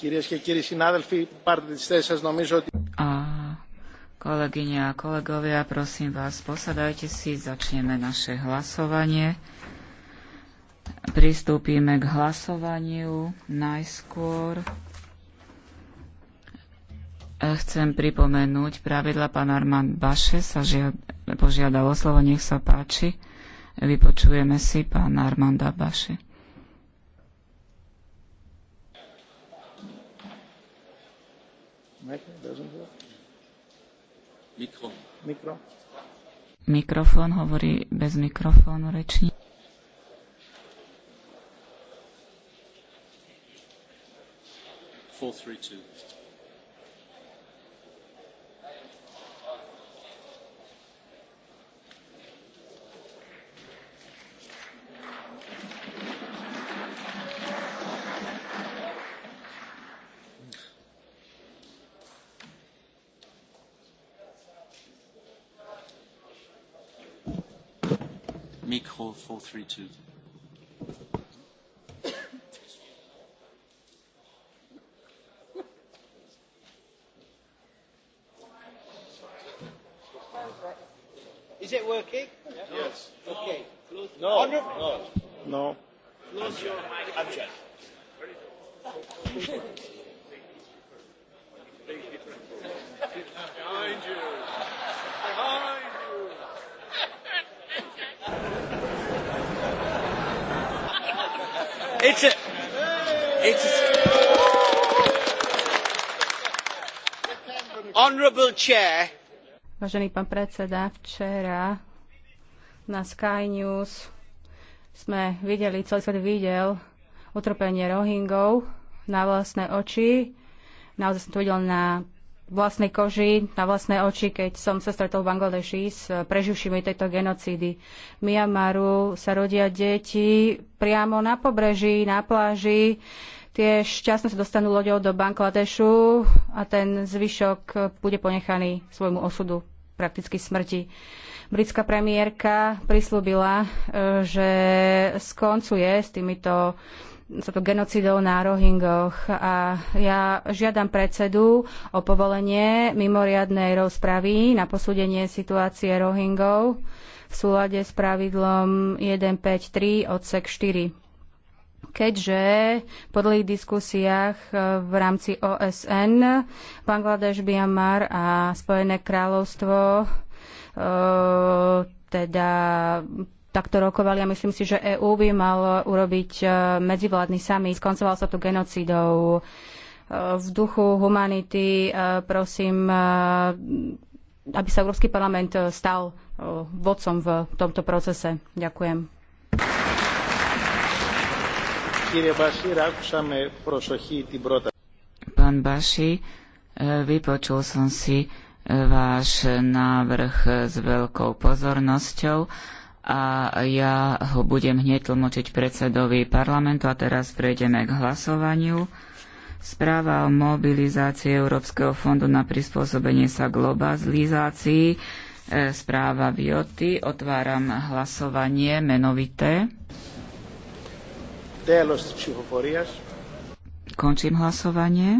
A kolegyne a kolegovia, prosím vás, posadajte si, začneme naše hlasovanie. Pristúpime k hlasovaniu najskôr. Chcem pripomenúť pravidla. Pán Armand Baše sa žiad, požiadal o slovo. Nech sa páči. Vypočujeme si pána Armanda Baše. Mikro. Mikrofón hovorí bez mikrofónu rečník. Four, three, two. Micro Is it working? Yes. Okay. No. No. No. Close your mic. It's a, it's honorable chair. Vážený pán predseda, včera na Sky News sme videli, celý svet videl utrpenie Rohingov na vlastné oči. Naozaj som to videl na vlastnej koži, na vlastné oči, keď som sa stretol v Bangladeši s preživšími tejto genocídy. V Myanmaru sa rodia deti priamo na pobreží, na pláži. Tie šťastne sa dostanú loďou do Bangladešu a ten zvyšok bude ponechaný svojmu osudu prakticky smrti. Britská premiérka prislúbila, e, že skoncuje s týmito sa to genocidou na Rohingoch. A ja žiadam predsedu o povolenie mimoriadnej rozpravy na posúdenie situácie Rohingov v súlade s pravidlom 153 odsek 4 keďže po dlhých diskusiách e, v rámci OSN Bangladeš, Myanmar a Spojené kráľovstvo e, teda takto rokovali a myslím si, že EÚ by mal urobiť e, medzivládny summit. Skoncoval sa tu genocidou v duchu humanity. Prosím, aby sa Európsky parlament stal vodcom v tomto procese. Ďakujem. Pán Baši, vypočul som si váš návrh s veľkou pozornosťou a ja ho budem hneď tlmočiť predsedovi parlamentu a teraz prejdeme k hlasovaniu. Správa o mobilizácii Európskeho fondu na prispôsobenie sa globalizácii. E, správa Vioty. Otváram hlasovanie menovité. Τέλος της ψηφοφορίας. Končím hlasovanie.